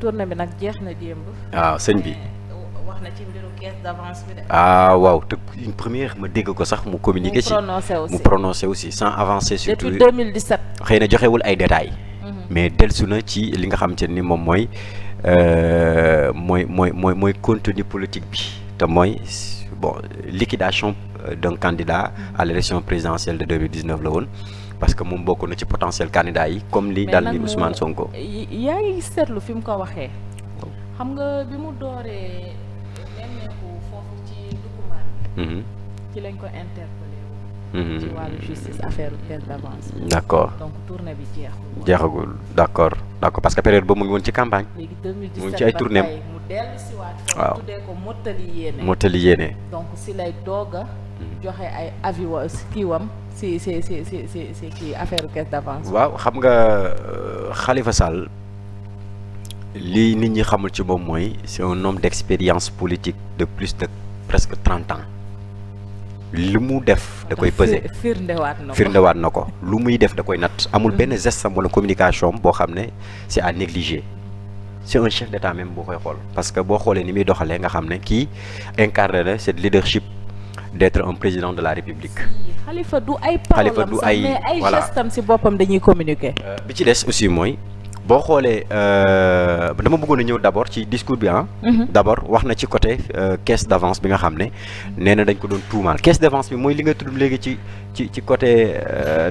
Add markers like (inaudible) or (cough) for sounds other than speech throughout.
tournée bi nag jeex na démb. waaw ah, sëñ bi. Eh, wax na ci mbiru caisse ah, waaw te une première ma dégg ko sax mu communiqué ci mu prononcé aussi sans avancer surtout depuis 2017. xëy na joxewul ay détails. Mhm. mais delsu na ci li nga xam te ni moom mooy euh, mooy mooy mooy mooy contenu politique bi te mooy bon liquidation Euh, d'un candidat à l'élection présidentielle de 2019 la woon parce que moom bokk na ci potentiel candidat yi comme li dal ni Ousmane Sonko. yaa ngi seetlu fi mu ko waxee. Oh. xam mu dooree ci Ndoukoumane. Mhm. ci lañ ko interpellé woon. Mhm. ci wàllu justice affaire accord donc bi jeexul. jeexagul d' accord d' accord parce que période boobu mu ngi woon ci campagne. léegi mu ngi ci ay mu dellu si waat. waaw tuddee si lay doog joxe ay avis kii wam si si kii affaire caisse d'avance. waaw xam nga xalifa euh, Sall lii nit ñi xamul ci moom mooy c'est un homme d'expérience politique de plus de presque trente ans li mu def da koy peser firndewaat na ko firndewaat na ko lu muy def da koy natt amul mm-hmm. benn geste am wala communication boo xam ne c'est à négliger c'est un chef d'état même boo koy xool parce que boo xoolee ni muy doxalee nga xam ne kii incarne na cette leadership d'être un président de la République. xalifa du ay parolam sax mais ay gestam si boppam dañuy communiquer. Euh, bi ci des aussi mooy boo xoolee euh, dama bëggoon a ñëw d'abord ci discours bi ah. Mhm. d'abord wax na ci côté euh, caisse d'avance bi nga xam ne nee na dañ ko doon tuumaal caisse d'avance bi mooy li nga tudd léegi ci ci ci côté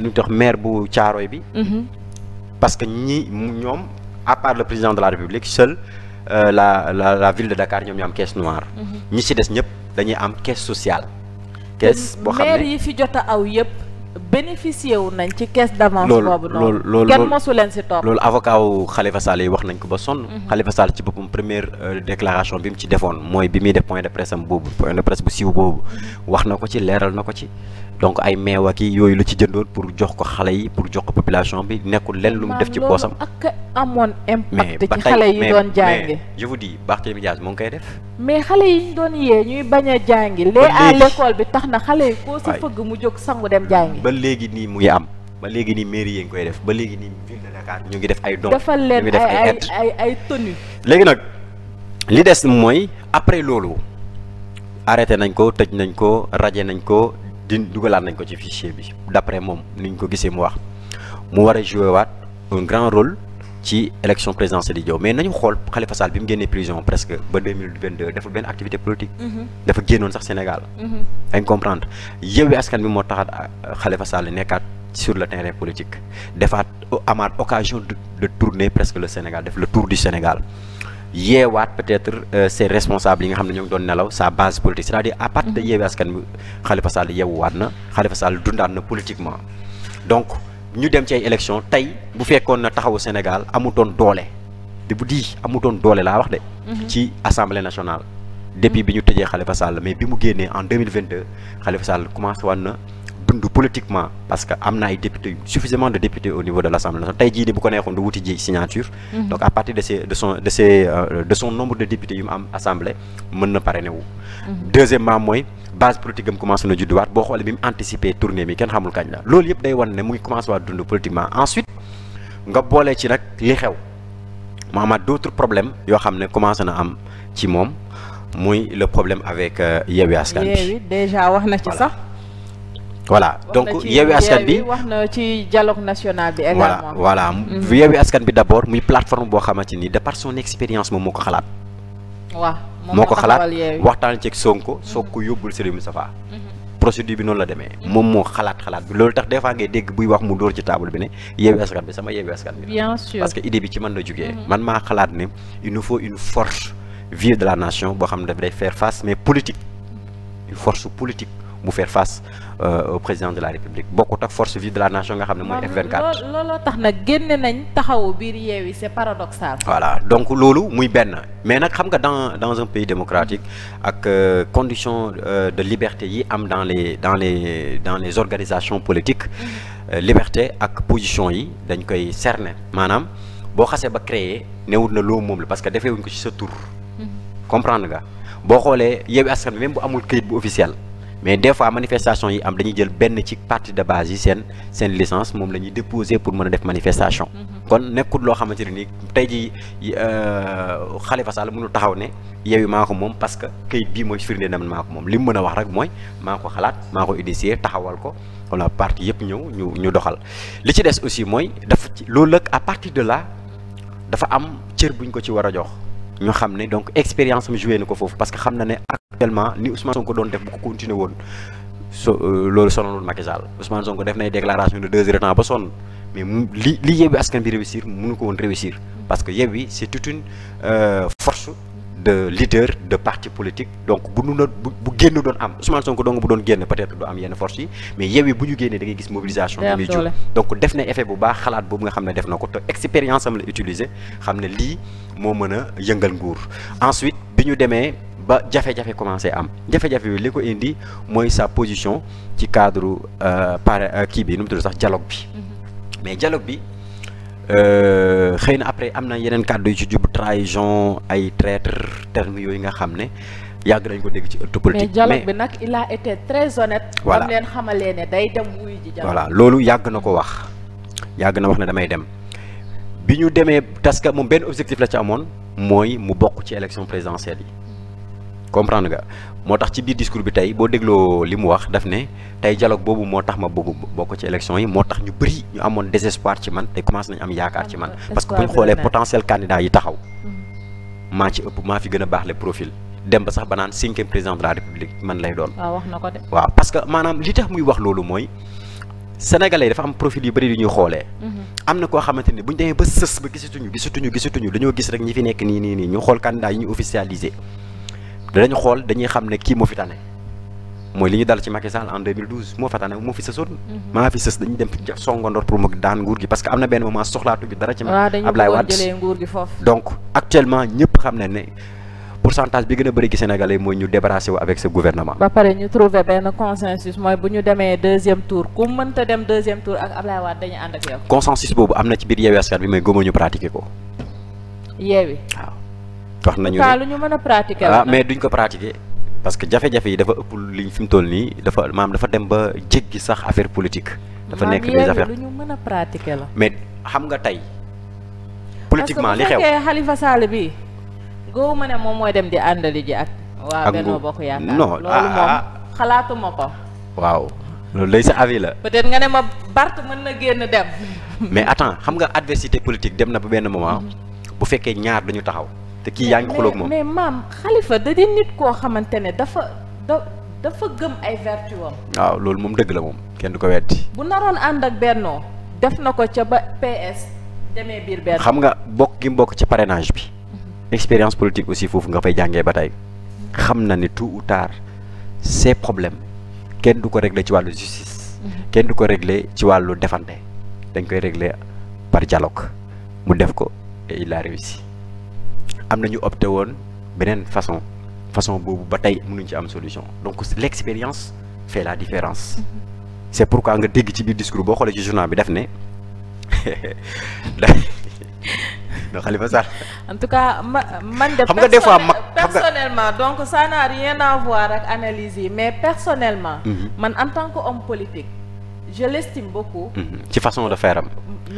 nu ñu tax maire bu Thiaroye bi. Mhm. parce que ñi ñoom à part le président de la République seul. Euh, la la la ville de Dakar ñoom ñu am caisse noire. Mhm. ñi ci des ñëpp dañuy am caisse sociale. kees boo xam ne maire yi fi jot aw yëpp bénéficié wu nañ ci caisse d'avance boobu noonu loolu kenn mosu leen si topp loolu avocat wu Khalifa Sall yi wax nañ ko ba sonn mhm. Khalifa Sall ci boppam première euh, déclaration bi mu ci defoon mooy bi muy def point de presse am boobu point de presse bu siiw boobu wax na ko ci leeral na ko ci donc ay meew ak yooyu la ci jëndoon pour jox ko xale yi pour jox ko population bi nekkul lenn lu mu def ci poosam. ak amoon impact ci xale yi doon jàngi je vous dis Barthélémy Dias moo ngi def. mais xale yi ñu doon yee ñuy bañ a jàngi. ba léegi à bi tax na xale yi koo si fëgg mu jóg sangu dem jàngi. ba léegi nii muy am. ba léegi nii mairie yi ngi koy def ba léegi nii ville ñu ngi def ay dons. ñu ngi def ay ay ay ay léegi nag li des mooy après loolu arrêté nañ ko tëj nañ ko raje nañ ko di dugalaat nañ ko ci fichier bi d'après moom ni ñu ko gisee mu wax mu war a joué waat un grand rôle ci élection présidentielle di jow mais nañu xool Khalifa Sall bi mu génnee prison presque ba 2022 deful benn activité politique mhm. dafa génnoon sax Sénégal dañ mhm. comprendre Yewwi Askan bi moo taxaat euh, Khalifa Sall nekkaat sur le terrain politique defaat amaat occasion de tourner presque le Sénégal def le tour du Sénégal yeewaat peut-être euh, ses responsables yi nga xam ne ñoo ngi doon nelaw sa base politique c'est-à-dire à partir de mhm. yeewee askan bi Khalifa Sall yeewuwaat na Khalifa Sall dundaat na politiquement donc ñu dem ci ay élection tey bu fekkoon na taxawu Sénégal amutoon doole di bu di amutoon doole laa wax de mhm. ci assemblée nationale depuis bi ñu tëjee Khalifa Sall mais bi mu génnee en 2022 Khalifa Sall commencé waat na dund politiquement parce que am na ay députés suffisamment de députés au niveau de l'Assemblée nationale tey jii nii bu ko neexoon du wuti ji signature mhm. donc à euh, de son nombre de députés yu mu am assemblée mën na parrainer wu mhm. deuxièmement mooy base politique am commencé na judduwaat boo xoolee bi mu anticiper tournée mi kenn xamul kañ la loolu yëpp day wan ne mu ngi commencé waat dund politiquement ensuite nga boole ci nag li xew mu amaat d'autres yoo xam ne commencé na am ci moom muy le problème avec euh, Yewwi Askan voilà donc yeewi bi wax na ci dialogue national bi également voilà voilà mhm. yeewi askan bi d' abord muy plateforme boo xamante ni de par son expérience moom moo ko xalaat waaw moo ko xalaat waxtaan ceeg Sonko mhm. soog ko yóbbul Serigne Moustapha mhm. procédure bi noonu la demee moom moo xalaat xalaat bi loolu tax des fois ngay dégg buy wax mu dóor ci table bi ne yeewi askan bi sama yeewi askan bi bien parce que idée bi ci man la jógee man maa xalaat ne il nous faut une force vive de la nation boo xam ne daf day faire face mais politique force politique bu faire face euh, au président de la république bokkut ak force vive de la nation nga xam ne mooy F24. looloo tax na génne nañ taxawu biir yeewi c'est paradoxal. voilà donc loolu muy benn mais nag xam nga dans dans un pays démocratique ak euh, condition euh, de liberté yi am dans les dans les dans les organisations politiques mm-hmm. liberté ak position yi dañ koy cerner maanaam boo xasee ba créer newut na loo moom la parce que defee wuñ ko ci sa tur mm-hmm. comprendre nga boo xoolee yeewi askan bu amul këyit bu officiel mais des fois manifestation yi am dañuy jël benn ci partie de base yi seen seen licence moom la ñuy déposer pour mën a def manifestation. Mm-hmm. kon nekkul loo xamante ne nii tey jii euh, Khalifa Sall mënul taxaw ne Yewwi maa ko moom parce que kayit bii mooy firnde na maa ko moom li mu mën a wax rek mooy maa ko xalaat maa ko initier taxawal ko wala partie yëpp ñëw ñu ñu doxal. li ci des aussi mooy dafa ci loolu nag à partir de la dafa am cër buñ ko ci war a jox. ñu xam ne donc expérience am joué na ko foofu parce que xam na ne actuellement ni Ousmane Sonko doon def bu ko continuer woon so euh, loolu sonalul Macky Sall Ousmane Sonko def nay déclaration de deux heures temps ba sonn mais li li Yewwi Askan bi réussir mu mënu ko woon réussir parce que Yewwi c'est toute une euh, force de leader de parti politique donc bu nu na bu génn doon am Ousmane Sonko donc bu doon génn peut-être du am yenn force yi mais Yewwi bu ñu génnee da gis mobilisation bi muy jur donc def na effet bu baax xalaat boobu nga xam ne def na ko expérience am moo mën a yëngal nguur ensuite bi ñu demee ba jafe-jafe commencé am jafe-jafe bi li ko indi mooy sa position ci cadre euh, par euh, kii bi nu mu tudd sax dialogue bi mm-hmm. mais dialogue bi Euh, xëy na après am na yeneen kàddu yu ci jub trahison ay traître terme yooyu nga xam ne yàgg nañ ko dégg ci ëttu politique mais dialogue bi nag il été très honnête. voilà am leen ne day dem voilà loolu yàgg na ko wax yàgg na wax ne damay dem bi ñu demee parce que moom benn objectif la ci amoon mooy mu bokk ci élection présidentielle yi comprendre nga moo tax ci biir discours bi tey boo dégloo li mu wax daf ne tey dialogue boobu moo tax ma bëgg bokk ci élection yi moo tax ñu bëri ñu amoon désespoir ci man te commencé nañu am yaakaar ci man parce que bu ñu xoolee potentiel candidat yi taxaw mm. maa ci ëpp maa fi gën a baax le profil dem ba sax ba naan cinquième président de la république man lay doon waaw na ko de waaw parce que maanaam li tax muy wax loolu mooy sénégalais dafa am profil yu bëri yu ñuy xoolee mm-hmm. am koo xamante ni bu ñu demee ba sës gis rek fi nekk nii nii nii ñu xool candidat yi danañ xool dañuy xam ne kii moo fi tane mooy li ñu dal ci Macky Sall en 2012 moo fa tane moo fi sësoon. Mhm. maa fi sës dañu dem songandoor pour mu daan nguur gi parce que am na benn moment soxlaatu bi dara ci. Ablaye Wade donc actuellement ñëpp xam ne ne a bëri ñu débarrassé wu avec ce gouvernement. ba pare ñu trouvé benn consensus mooy bu ñu demee deuxième tour ku mënta dem deuxième tour ak Ablaye Wade dañu ànd ak yow. consensus boobu am na ci biir Yewwi Askan bi mais gëmoo ñu pratiqué ko. Yewwi wax nañu ne lu ñu mën a pratiquer ah mais duñ ko pratiquer parce que jafe-jafe yi dafa ëpp liñ fi mu toll nii dafa maam dafa dem ba jéggi sax affaire politique. dafa nekk des affaires lu ñu mën a pratiquer la. mais xam nga tey. politiquement li xew parce que bi góobu ma ne moom mooy dem di àndali ji ak. waa Benno Bokk Yaakaar loolu ah, moom ah. xalaatuma ko. waaw loolu lay sa avis la. nga ne ma Bart mën na génn dem. mais attends xam nga adversité politique dem na ba benn moment. Mhm. bu fekkee ñaar dañu taxaw. te kii yaa ngi xuloog moom mais maam xalifa da di nit koo xamante ne dafa da dafa gëm ay vertu waaw loolu moom dëgg la moom kenn du ko wetti bu naroon ànd ak bennoo def na ko ca ba PS xam nga bokk gi mbokk ci parrainage bi expérience politique aussi foofu nga fay jàngee ba tey xam na ni tout ou tard ces problèmes kenn du ko régler ci wàllu justice kenn du ko régler ci wàllu defante dañ koy régler par dialogue mu def ko et il réussi am nañu opté woon beneen façon façon boobu ba tey mënuñ ci am solution donc l'expérience fait la différence mm-hmm. c'est pourquoi nga dégg ci biir discours boo xoolee ci journal bi def ne (laughs) non Khalifa Sall en tout cas ma man de xam nga des fois personnellement donc ça n'a rien à voir ak analyse yi mais personnellement mm-hmm. man en tant que homme politique je l'estime beaucoup. Mhm. ci façon de faire am.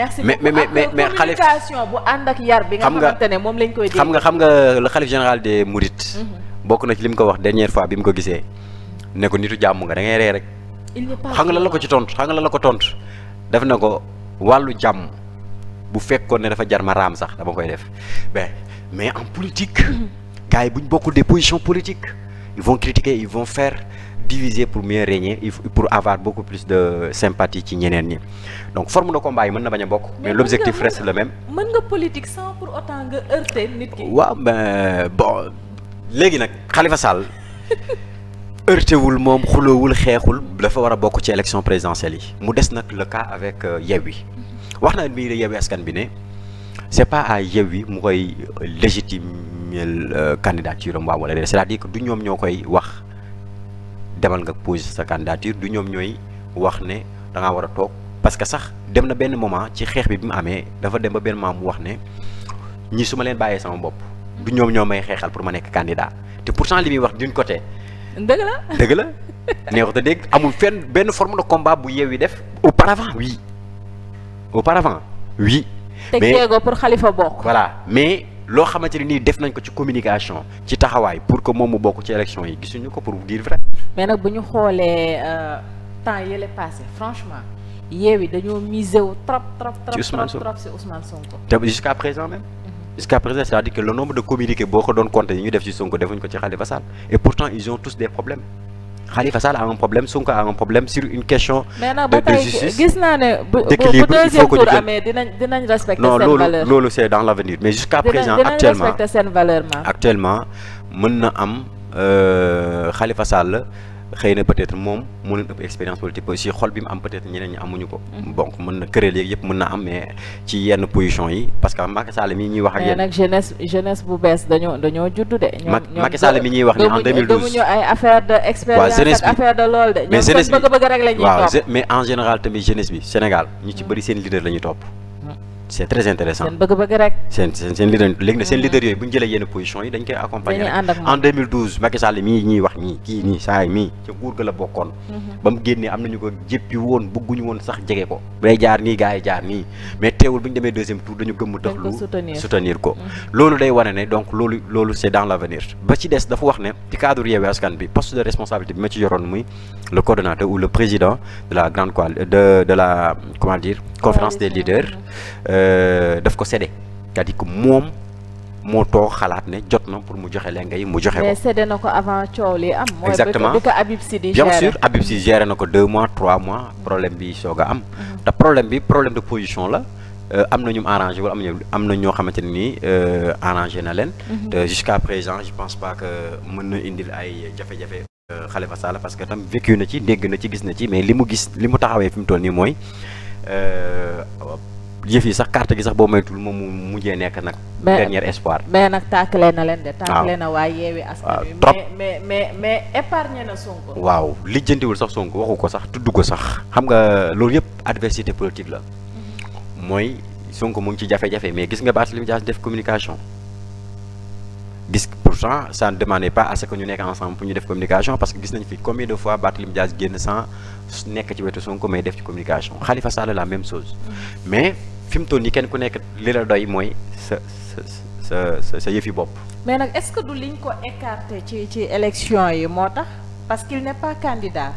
merci beaucoup mais mais mais mais communication bu ànd ak yar bi nga xamante ne moom lañ koy. xam nga xam nga le xalif général des Mourides. Mhm. bokk na ci li mu ko wax dernière fois bi mu ko gisee ne ko nitu jàmm nga da ngay ree rek. xam nga lan la ko ci tontu xam nga lan la ko tontu def na ko wàllu jàmm bu fekkoon ne dafa jar ma raam sax dama koy def mais mais en politique. Mhm. gars yi bu ñu bokkul des positions politiques ils vont critiquer ils vont faire. diviser pour mieux régner pour avoir beaucoup plus de sympathie ci ñeneen ñi donc forme de combat yi mën na bañ a bokk. mais l'objectif reste le même. mën nga politique sans pour autant nga heurter nit ki. waaw mais bon léegi nag Khalifa Sall (laughs) heurtewul moom xuloowul xeexul dafa war a bokk ci élection présidentielle yi. mu des nag la cas avec euh, Yewwi mhm. wax na bii de Yewwi askan bi ne c'est pas à Yewwi mu koy légitimer euh, candidature am waaw wala déedéet c'est-à-dire du ñoom ñoo koy wax. demal nga poser sa candidature du ñoom ñooy wax ne da war a toog parce que sax dem na benn moment ci xeex bi bi mu amee dafa dem ba benn moment mu wax ne ñi suma leen bàyyee sama bopp du ñoom ñoo may xeexal pour ma nekk candidat te pour pourtant li muy wax d'une côté. dëgg la dëgg la neexut a dégg amul fenn benn forme de combat bu yeew yi def auparavant oui auparavant oui. mais teg jéego pour xalifa bokk. voilà mais loo xamante nii def nañ ko ci communication taxawaay pour que moom mu bokk ci élection yi gisuñu ko pour mais nag bu ñu xoolee euh, temps yële passé franchement Yewwi dañoo miser wu trop trop trop trop trop ci Ousmane Sonko te jusqu'à présent même jusqu'à présent c'est-à-dire que le nombre de communiqués boo ko doon compter yi ñu def ci Sonko defuñ ko ci Khalifa Sall et pourtant ils ont tous des problèmes Khalifa Sall a un problème Sonko a un problème sur une question. de de justice gis naa ne bu bu deuxième tour amee dinañ dinañ respecter seen valeur non loolu loolu c'est valeur actuellement mën na am. Euh, Khalifa Sall xëy na peut-être moom moo leen ëpp expérience politique aussi xol bi mu am peut-être ñeneen ñi amuñu ko. Mm-hmm. donc mën na këral yëpp mën na am mais ci yenn position yi parce que Macky Sall mi ñuy wax ak yéen. nag jeunesse jeunesse bu bees dañoo dañoo judd de. ñoom Macky Sall ñuy wax ni en 2012 gëmuñu ay affaire de expérience ak affaire de lool de. mais jeunesse bi bëgg rek la topp mais en général tamit jeunesse bi Sénégal ñu ci mm-hmm. bëri seen leader la topp. c'est très intéressant bëgg-bëgg rek. seen seen léegi nag seen mm-hmm. leader yooyu bu jëlee yenn position yi dañ koy accompagner en 2012 Macky ñuy wax ñii kii nii saa ca nguur ga la bokkoon mm-hmm. ba mu génnee am nañu ko jéppi woon bëgguñu woon sax jege ko bay jaar nii gars yi jaar nii mais teewul bu ñu demee deuxième tour dañu gëmm dëxlu soutenir ko mm-hmm. loolu day wane ne donc loolu loolu c'est dans l'avenir ba ci des dafa wax ne ci cadre Yewwi Askan bi poste conférence des leaders euh, daf ko séddee cest à moom moo toog xalaat ne jot na pour mu joxe lenga yi mu joxe ko. mais séddee na ko avant coow li am. exactement mooy bi ko Habib Sy di géré bien sûr na ko deux mois trois mois problème bi soog am. Mhm. te problème bi problème de position la. Euh, am na ñu mu wala am na ñoo xamante ne nii euh, arrangé na leen. Mhm. te jusqu'à présent je pense pas que mën na indil ay jafe-jafe. Khalifa Sall parce que tam vécu na ci dégg na ci gis na ci mais li mu gis li mu taxawee fi mu toll nii mooy. jëf euh, yi sax carte gi sax boo moytul moom mu mu mujjee nekk nag. dernier espoir. mais nag tàkkale na leen de. waaw tàkkale na waa yeewi askan wi. mais mais mais na Sonko. waaw lijjandiwul sax Sonko waxu ko sax tudd ko sax. xam nga loolu yëpp adversité politique la. Mhm. mooy Sonko mu ngi ci jafe-jafe mais gis nga Barthélémy Dias def communication. gis pourtant ça ne demandait pas à ce que ñu nekk ensemble pour ñu def communication parce que gis nañ fi combien de fois Barthélémy génn sans nekk ci wetu Sonko may def ci communication Khalifa Sall la même chose mm. mais fi tol nii kenn ku nekk li la doy mooy sa sa sa sa yëfi bopp. mais nag est-ce que du liñ ko écarté ci ci élection yi moo tax parce qu'il n'est pas candidat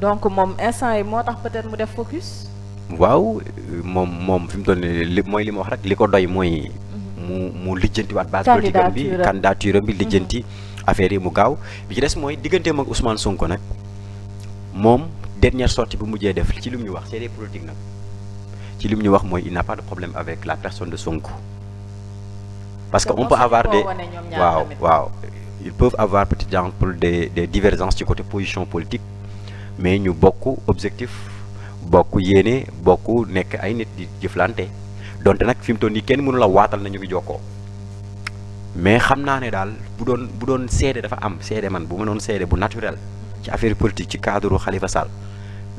donc moom instant yi moo tax peut-être mu def focus. waaw moom moom fi mu toll nii li mooy wax rek li ko doy mooy. mu mu lijjantiwaat base politique bi candidature am bi mm-hmm. lijjanti affaire yi mu gaaw bi ci des mooy diggante ak Ousmane Sonko nag moom dernière sortie bu mujjee def ci lim ñu wax c'est des politiques nag ci lim ñu wax mooy il n'a pas de problème avec la personne de Sonko parce que on peut avoir des waaw waaw ils peuvent avoir peut-être exemple des des ci côté position politique mais ñu bokk objectif bokk yéene bokk nekk ay nit di jëflante donte nag fi mu toll nii kenn mënu la waatal na ñu ngi jokkoo mais xam naa ne daal bu doon bu doon seede dafa am seede man bu ma doon seede bu naturel ci affaire politique ci cadre xalifa Sall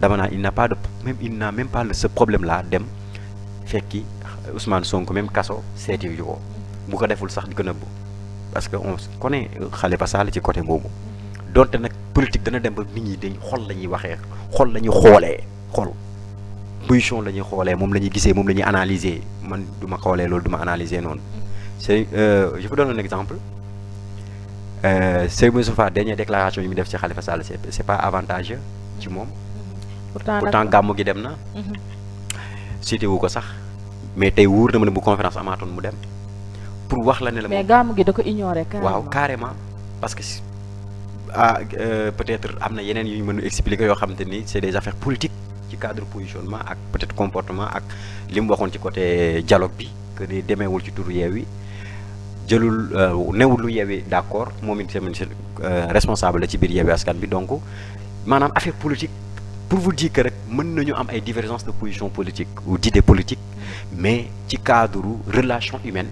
dama naa il n'a pas de même il n'a même pas ce problème là dem fekki Ousmane sonk même kaso seeti yu ko bu ko deful sax di ko nëbbu parce que on connaît Khalifa Sall ci côté boobu donte nag politique dana dem ba nit ñi dañ xol la ñuy waxee xol la ñuy xoolee xol. position la ñuy xoolee moom la ñuy gisee moom la ñuy man du ma xoolee loolu du ma analyser noonu c'est euh, je vous donne un exemple euh, Seydou Moustapha dernière déclaration yi mu def ci Khalifa Sall c'est c'est pas avantageux ci moom. pourtant pourtant gàmmu gi dem na. site mhm. wu ko sax mais tey wóor na ma ne bu conférence amaatoon mu dem pour wax la ne la. mais gàmmu gi da ko ignorer carrément waaw carrément parce que ah euh, peut-être am na yeneen yu ñu mën a expliquer yoo xamante ni c'est des affaires ci cadre positionnement ak peut-être comportement ak lim mu waxoon ci côté dialogue bi que ni demeewul ci turu Yewwi jëlul euh, newul lu Yewwi d'accord moom it tamit euh, responsable la ci biir Yewwi Askan bi donc maanaam affaire politique pour vous dire que mën nañu am ay divergence de position politique ou d'idées politiques mais ci cadre relation humaine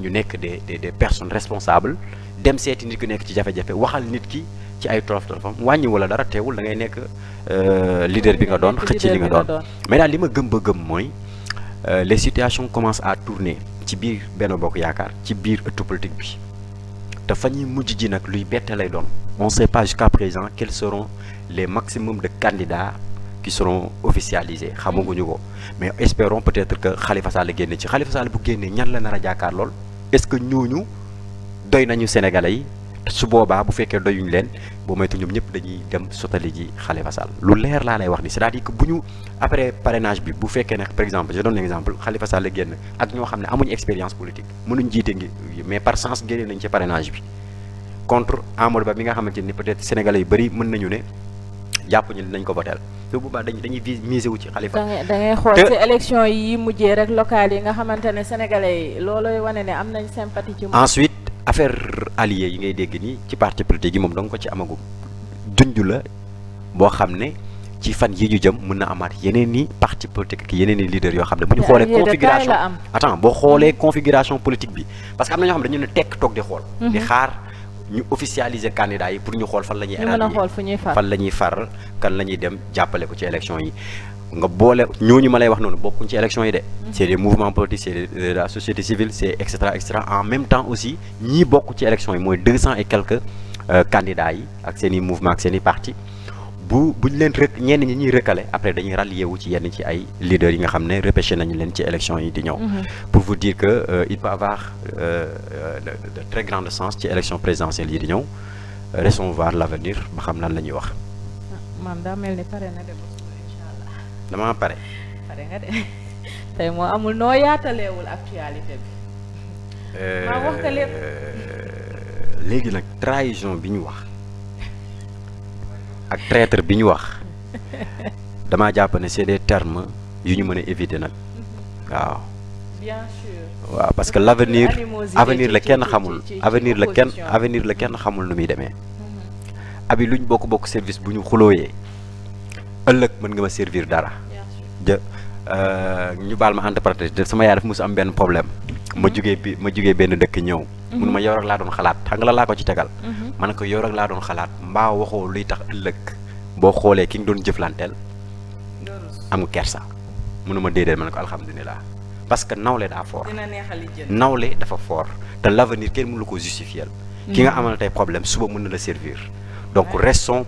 ñu nekk des des des personnes responsables dem seeti nit ku nekk ci jafe-jafe waxal nit ki ci ay tolof tolofam wàññi la dara teewul da ngay nekk euh, leader bi nga doon xëcc li nga doon mais daal li ma gëm ba gëm mooy euh, le situation commence à tourner ci biir benn bokk yaakaar ci biir ëttu politique bi te fa ñuy mujj ji nag luy bette lay doon on sait pas jusqu'à présent quels seront les maximums de candidats qui seront officialisés xamaguñu ko mais espérons peut-être que Khalifa Sall génne ci Khalifa Sall bu génnee ñan la nar a jaakaar lool est-ce que ñooñu doy nañu sénégalais yi su boobaa bu fekkee doyuñ leen boo moytu ñoom ñëpp dañuy dem sotali ji Khalifa Sall lu leer laa lay wax ni c'est-à-dire bu ñu après parrainage bi bu fekkee ne par exemple je donne exemple Khalifa Sall génn ak ñoo xam ne amuñ expérience politique mënuñ jiite ngi mais par chance génne nañ ci parrainage bi contre Amadou Ba mi nga xamante ni peut-être sénégalais yu bëri mën nañu ne jàpp ñu dinañ ko boteel te bu baax dañuy dañuy miser wu ci Khalifa. da ngay da ngay xool ci élection yi mujjee nga xamante ne sénégalais yi loolooy wane ne am nañ sympathie affaire allié yi ngay dégg nii ci parti politique yi moom danga ko ci amagum junj la boo xam ne ci fan yi ñu jëm mën na amaat yeneen i parti politique ak yeneen i leader yoo xam ne bu ñu xoolee configuration attends boo xoolee mm. configuration politique bi parce que am na ñoo xam ne dañu ne tekk toog di xool di mm-hmm. xaar ñu officialiser candidat yi pour ñu xool fan la ñuy fan la ñuy far kan la ñuy dem jàppale ko ci élection yi nga boole ñooñu ma lay wax noonu bokkuñ ci élection yi de. c'est des mouvements politiques c'est de la société civile c'est et cetera en même temps aussi ñii bokk ci élection yi mooy deux cent et quelques euh, candidats yi ak seen i mouvement ak bu bu ñu leen rek ñenn ñi ñuy recalé après dañuy rallier ci yenn ci ay leaders yi nga xam ne repêché nañu leen ci élection yi di ñëw. Mm-hmm. pour vous dire que euh, il peut avoir de, euh, de très grand sens ci élection présidentielle yi di ñëw restons voir l'avenir ba la ñuy wax. Ah, man daa mel damaa pare. pare (laughs) moo amul noo yaataleewul actualité bi. Euh, euh, léegi nag trahison bi ñu wax ak traître bi ñu wax damaa jàpp ne c'est des termes yu ñu mën a éviter nag waaw. waaw parce que l'avenir avenir la kenn xamul avenir la kenn avenir la kenn xamul nu muy demee. Mhm. abi luñ bokk bokk service bu ñu xulooyee. ëllëg mën nga ma servir dara. jë euh, ñu baal ma entreprise sama yaay dafa mos am benn problème. ma mm-hmm. jugee bi ma jugee benn dëkk ñëw. Mm-hmm. mun ma yow rek laa doon xalaat xam la laa ko ci tegal. Mm-hmm. man ne ko yow rek laa doon xalaat mbaa waxoo luy tax ëllëg boo xoolee ki nga doon jëflanteel. am kersa. munuma déedéet man ne ko alhamdulilah parce que nawle daa fort nawle dafa fort te l'avenir kenn mënu la ko justifier. ki nga amal tey problème suba mën na la servir donc restons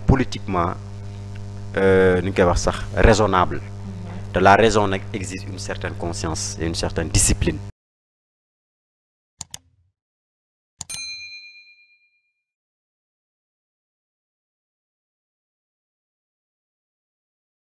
Euh, nu ñu koy wax sax raisonnable te la raison nag exige une certaine conscience et une certaine discipline